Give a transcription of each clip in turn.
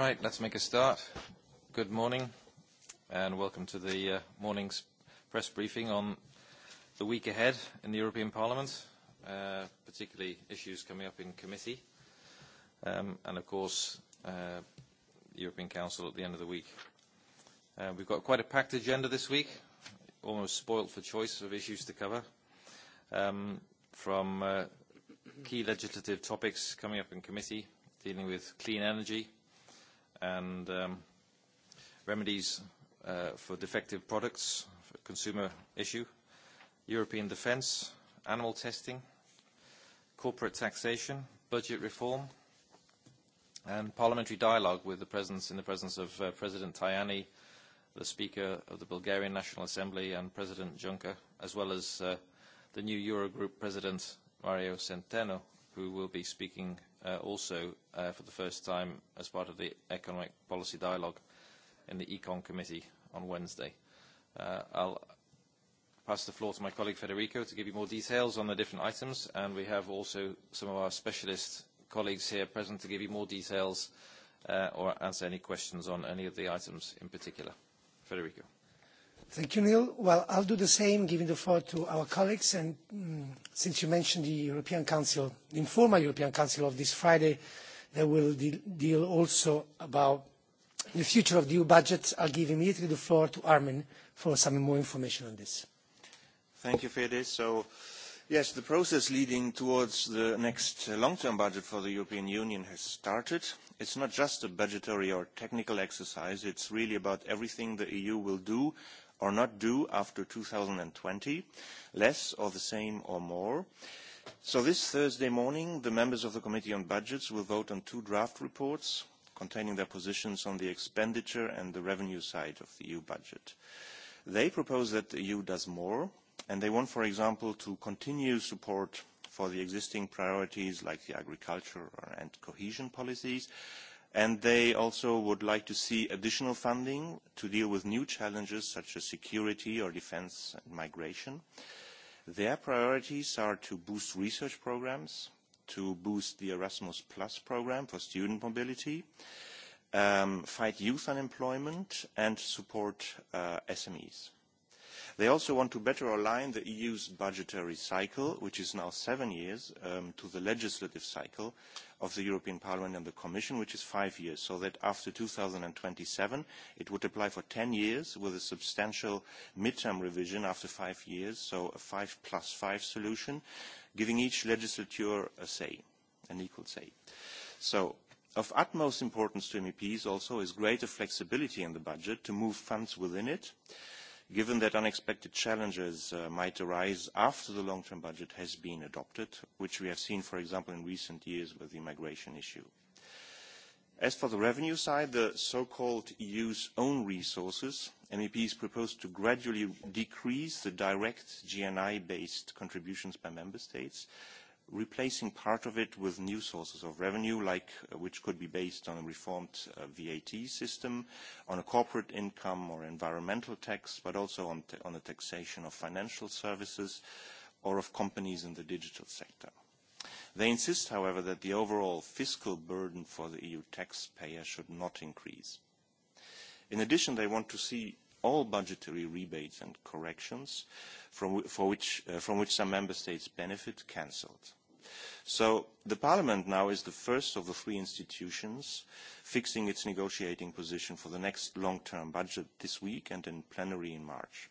Right, let's make a start. Good morning, and welcome to the morning's press briefing on the week ahead in the European Parliament, particularly issues coming up in committee, and of course, the European Council at the end of the week. we've got quite a packed agenda this week, almost spoilt for choice of issues to cover, from key legislative topics coming up in committee, dealing with clean energy, and remedies for defective products, consumer issue, European defence, animal testing, corporate taxation, budget reform, and parliamentary dialogue with the presence in the presence of uh, President Tajani, the Speaker of the Bulgarian National Assembly, and President Juncker, as well as uh, the new Eurogroup President Mario Centeno, who will be speaking also for the first time as part of the economic policy dialogue in the Econ Committee on Wednesday. Uh, I'll pass the floor to my colleague Federico to give you more details on the different items, and we have also some of our specialist colleagues here present to give you more details uh, or answer any questions on any of the items in particular. Federico. Thank you, Neil. Well, I'll do the same, giving the floor to our colleagues. And since you mentioned the European Council, the informal European Council of this Friday, that will deal also about the future of the EU budget, I'll give immediately the floor to Armin for some more information on this. Thank you, Fede. So, yes, the process leading towards the next long-term budget for the European Union has started. It's not just a budgetary or technical exercise. It's really about everything the EU will do or not due after 2020, less or the same or more. So this Thursday morning, the members of the Committee on Budgets will vote on two draft reports containing their positions on the expenditure and the revenue side of the EU budget. They propose that the EU does more, and they want, for example, to continue support for the existing priorities like the agriculture and cohesion policies, and they also would like to see additional funding to deal with new challenges such as security or defence and migration. Their priorities are to boost research programmes, to boost the Erasmus Plus programme for student mobility, um, fight youth unemployment, and support uh, SMEs. They also want to better align the EU's budgetary cycle, which is now seven years, to the legislative cycle of the European Parliament and the Commission, which is five years, so that after twenty seven it would apply for ten years with a substantial mid term revision after five years, so a five plus five solution, giving each legislature a say, an equal say. So of utmost importance to MEPs also is greater flexibility in the budget to move funds within it, uh, given that unexpected challenges might arise after the long-term budget has been adopted, which we have seen, for example, in recent years with the migration issue. As for the revenue side, the so-called EU's own resources, MEPs propose to gradually decrease the direct GNI-based contributions by member states replacing part of it with new sources of revenue, like which could be based on a reformed VAT system, on a corporate income or environmental tax, but also on, on the taxation of financial services or of companies in the digital sector. They insist, however, that the overall fiscal burden for the EU taxpayer should not increase. In addition, they want to see all budgetary rebates and corrections from, for which, uh, from which some member states benefit cancelled. So the Parliament now is the first of the three institutions fixing its negotiating position for the next long-term budget this week and in plenary in March.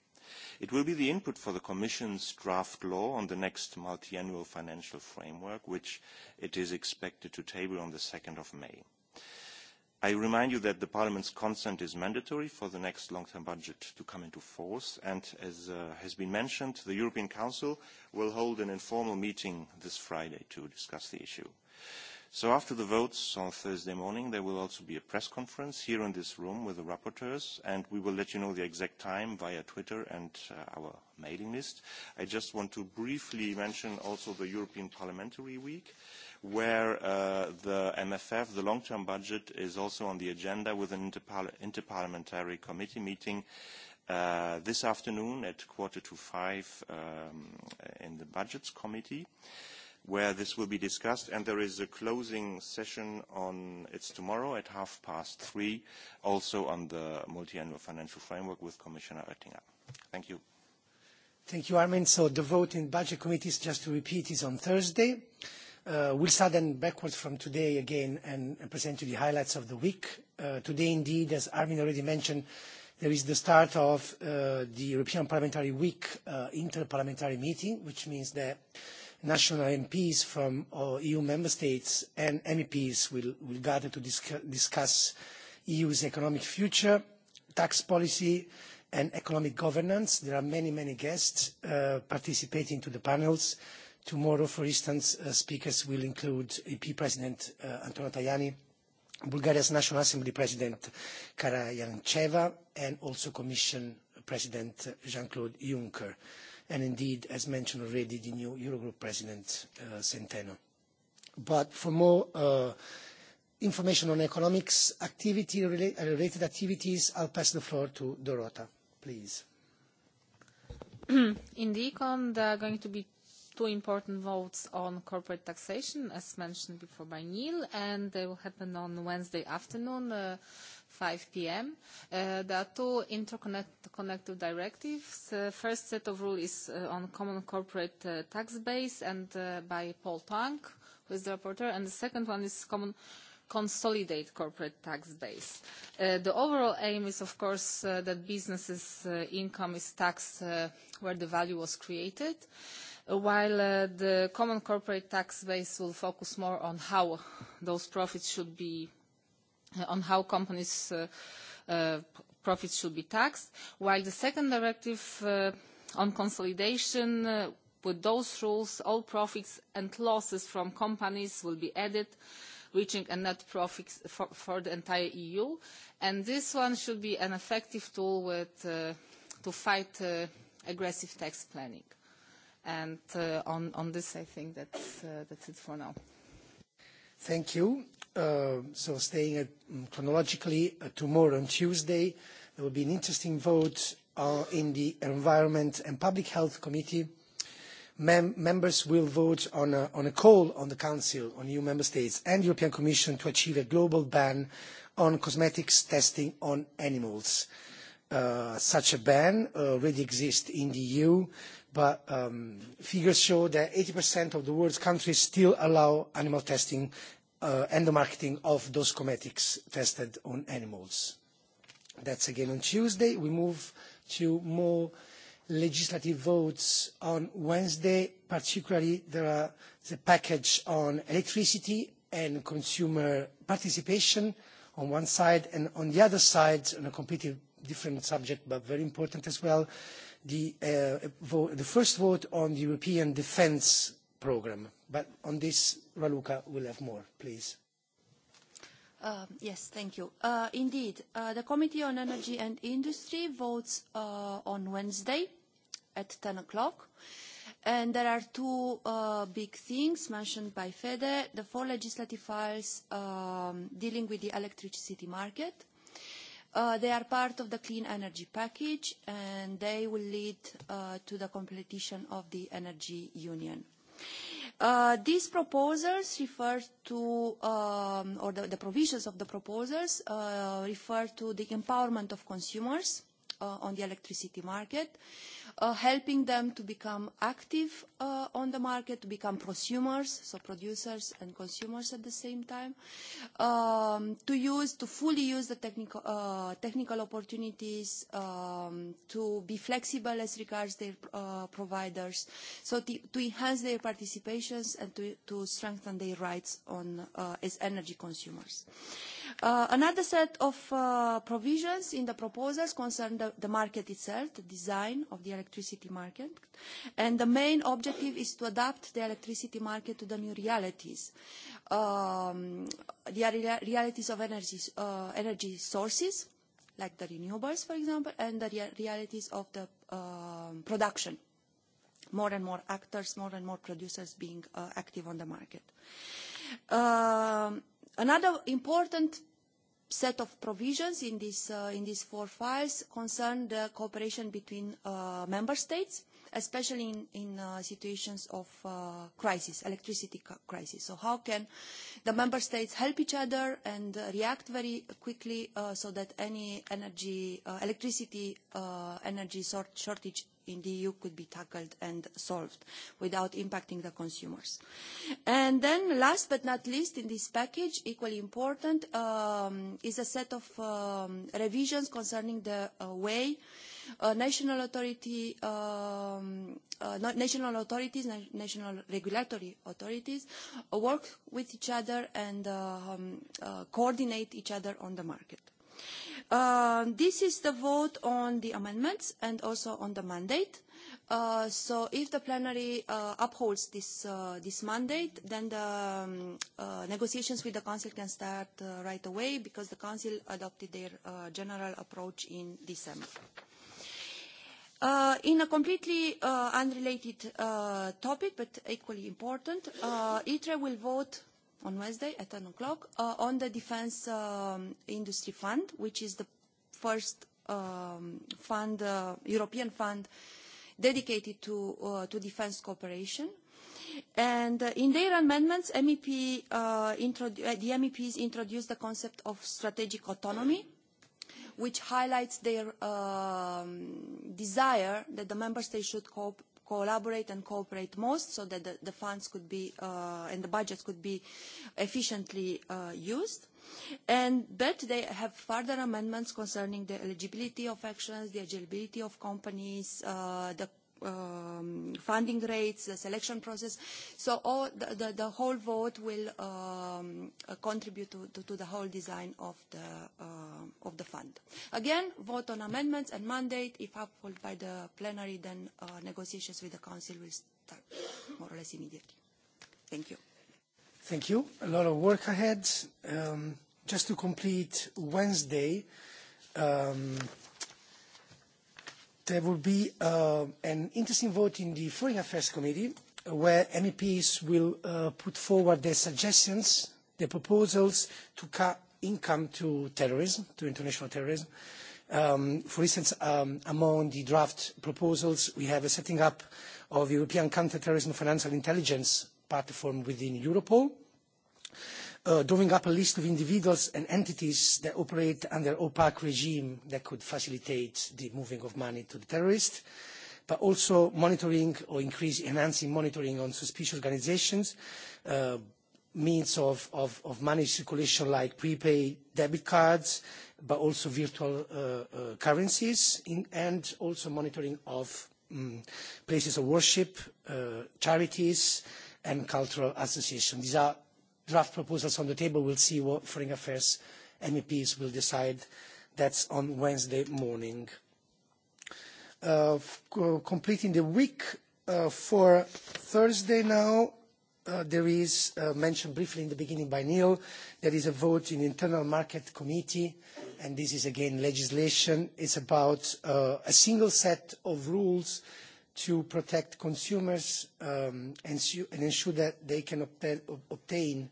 It will be the input for the Commission's draft law on the next multiannual financial framework, which it is expected to table on the 2nd of May. I remind you that the Parliament's consent is mandatory for the next long-term budget to come into force, and as uh, has been mentioned, the European Council will hold an informal meeting this Friday to discuss the issue. So after the votes on Thursday morning, there will also be a press conference here in this room with the rapporteurs, and we will let you know the exact time via Twitter and uh, our mailing list. I just want to briefly mention also the European Parliamentary Week. Uh, where the MFF, the long-term budget, is also on the agenda with an interparliamentary committee meeting this afternoon at quarter to five in the Budgets Committee where this will be discussed, and there is a closing session on it's tomorrow at half past three, also on the multi-annual financial framework with Commissioner Oettinger. Thank you. Thank you, Armin. So the vote in Budget Committee, just to repeat, is on Thursday. We'll start then backwards from today again and present you the highlights of the week. Today, indeed, as Armin already mentioned, there is the start of the European Parliamentary Week inter parliamentary meeting, which means that national MPs from EU member states and MEPs will gather to discuss EU's economic future, tax policy, and economic governance. There are many, many guests participating to the panels, Tomorrow, for instance, speakers will include EP President Antonio Tajani, Bulgaria's National Assembly President Kara Yancheva, and also Commission President Jean-Claude Juncker, and indeed, as mentioned already, the new Eurogroup President Centeno. But for more information on economics activity related activities, I'll pass the floor to Dorota, please. In the econ, there are going to be two important votes on corporate taxation, as mentioned before by Neil, and they will happen on Wednesday afternoon, uh, 5 p.m. Uh, there are two interconnected directives. Uh, first set of rules is uh, on common corporate uh, tax base and uh, by Paul Tang, who is the rapporteur, and the second one is common consolidate corporate tax base. The overall aim is, of course, that businesses' income is taxed where the value was created. Uh, while the common corporate tax base will focus more on how those profits should be, on how companies' profits should be taxed, while the second directive on consolidation, with those rules, all profits and losses from companies will be added, reaching a net profit for the entire EU. And this one should be an effective tool to fight aggressive tax planning. And uh, on, on this, I think that's, uh, that's it for now. Thank you. Uh, so staying at, um, chronologically, uh, tomorrow on Tuesday, there will be an interesting vote uh, in the Environment and Public Health Committee. Mem members will vote on a, on a call on the Council, on EU Member States and European Commission to achieve a global ban on cosmetics testing on animals. Uh, such a ban already exists in the EU but figures show that 80% of the world's countries still allow animal testing and the marketing of those cosmetics tested on animals. That's again on Tuesday. We move to more legislative votes on Wednesday. Particularly, there are the package on electricity and consumer participation on one side, and on the other side, on a completely different subject, but very important as well, the, uh, the first vote on the European Defence Programme. But on this, Raluca will have more, please. Uh, yes, thank you. Uh, indeed, uh, the Committee on Energy and Industry votes uh, on Wednesday at 10 o'clock. And there are two uh, big things mentioned by FEDE, the four legislative files um, dealing with the electricity market, uh, Uh, they are part of the clean energy package and they will lead uh, to the completion of the energy union. Uh, these proposals refer to, um, or the, the provisions of the proposals uh, refer to the empowerment of consumers, uh, on the electricity market, uh, helping them to become active uh, on the market, to become prosumers, so producers and consumers at the same time, um, to use, to fully use the technical, uh, technical opportunities, um, to be flexible as regards their uh, providers, so to, to enhance their participations and to, to strengthen their rights on, uh, as energy consumers. Uh, another set of provisions in the proposals concern the, the market itself, the design of the electricity market, and the main objective is to adapt the electricity market to the new realities, um, the realities of energy, uh, energy sources, like the renewables, for example, and the rea realities of the um, production. More and more actors, more and more producers being uh, active on the market. Another important set of provisions in, this, uh, in these four files concern the cooperation between uh, member states, especially in, in uh, situations of uh, crisis, electricity crisis. So how can the member states help each other and uh, react very quickly uh, so that any energy, uh, electricity uh, energy sort shortage in the EU could be tackled and solved without impacting the consumers. And then last but not least in this package, equally important, um, is a set of um, revisions concerning the uh, way uh, national authority, um, uh, not national authorities, na national regulatory authorities uh, work with each other and uh, um, uh, coordinate each other on the market. This is the vote on the amendments and also on the mandate. So if the plenary uh upholds this mandate, then the uh negotiations with the council can start right away because the council adopted their general approach in December. Uh, in a completely uh, unrelated uh, topic, but equally important, uh, ITRE will vote on Wednesday at 10 o'clock uh, on the Defense um, Industry Fund, which is the first um, fund, uh, European fund dedicated to, uh, to defense cooperation. And uh, in their amendments, MEP, uh, introdu- uh, the MEPs introduced the concept of strategic autonomy, which highlights their um, desire that the member states should cope collaborate and cooperate most so that the, the funds could be uh, and the budgets could be efficiently uh, used. And but they have further amendments concerning the eligibility of actions, the eligibility of companies, uh, the um, funding rates, the selection process. So all the, the, the whole vote will um, uh, contribute to, to, to the whole design of the, uh, of the fund. Again, vote on amendments and mandate. If upheld by the plenary, then uh, negotiations with the Council will start more or less immediately. Thank you. Thank you. A lot of work ahead. Um, just to complete Wednesday, um, there will be uh, an interesting vote in the Foreign Affairs Committee where MEPs will uh, put forward their suggestions, their proposals to cut income to terrorism, to international terrorism. Um, for instance, um, among the draft proposals, we have a setting up of European counterterrorism financial intelligence platform within Europol drawing up a list of individuals and entities that operate under opaque regime that could facilitate the moving of money to the terrorists, but also monitoring or increase, enhancing monitoring on suspicious organisations, means of, of, of money circulation like prepaid debit cards, but also virtual uh, uh, currencies, in, and also monitoring of um, places of worship, uh, charities, and cultural associations. These are draft proposals on the table. We'll see what foreign affairs MEPs will decide. That's on Wednesday morning. completing the week for Thursday now, there is, mentioned briefly in the beginning by Neil, there is a vote in the Internal Market Committee, and this is again legislation. It's about a single set of rules to protect consumers and ensure that they can obtain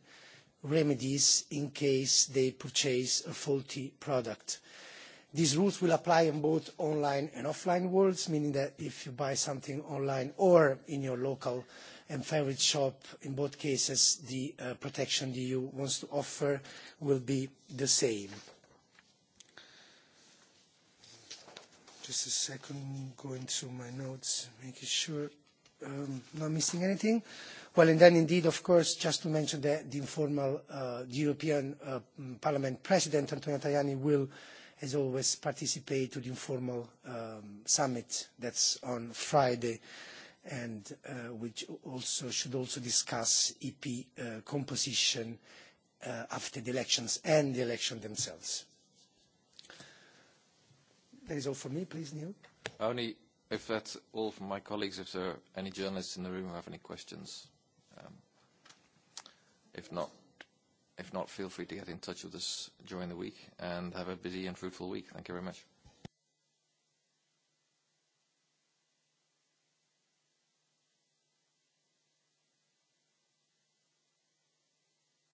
remedies in case they purchase a faulty product. These rules will apply in both online and offline worlds, meaning that if you buy something online or in your local and favorite shop, in both cases, the protection the EU wants to offer will be the same. Just a second, going through my notes, making sure um, not missing anything. Well, and then indeed, of course, just to mention that the informal uh, the European uh, Parliament President, Antonio Tajani, will, as always, participate to the informal um, summit that's on Friday and uh, which also should also discuss EP uh, composition uh, after the elections and the election themselves. That is all for me. Please, Neil. Only if that's all from my colleagues, if there are any journalists in the room who have any questions. Um, if not, if not, feel free to get in touch with us during the week and have a busy and fruitful week. Thank you very much.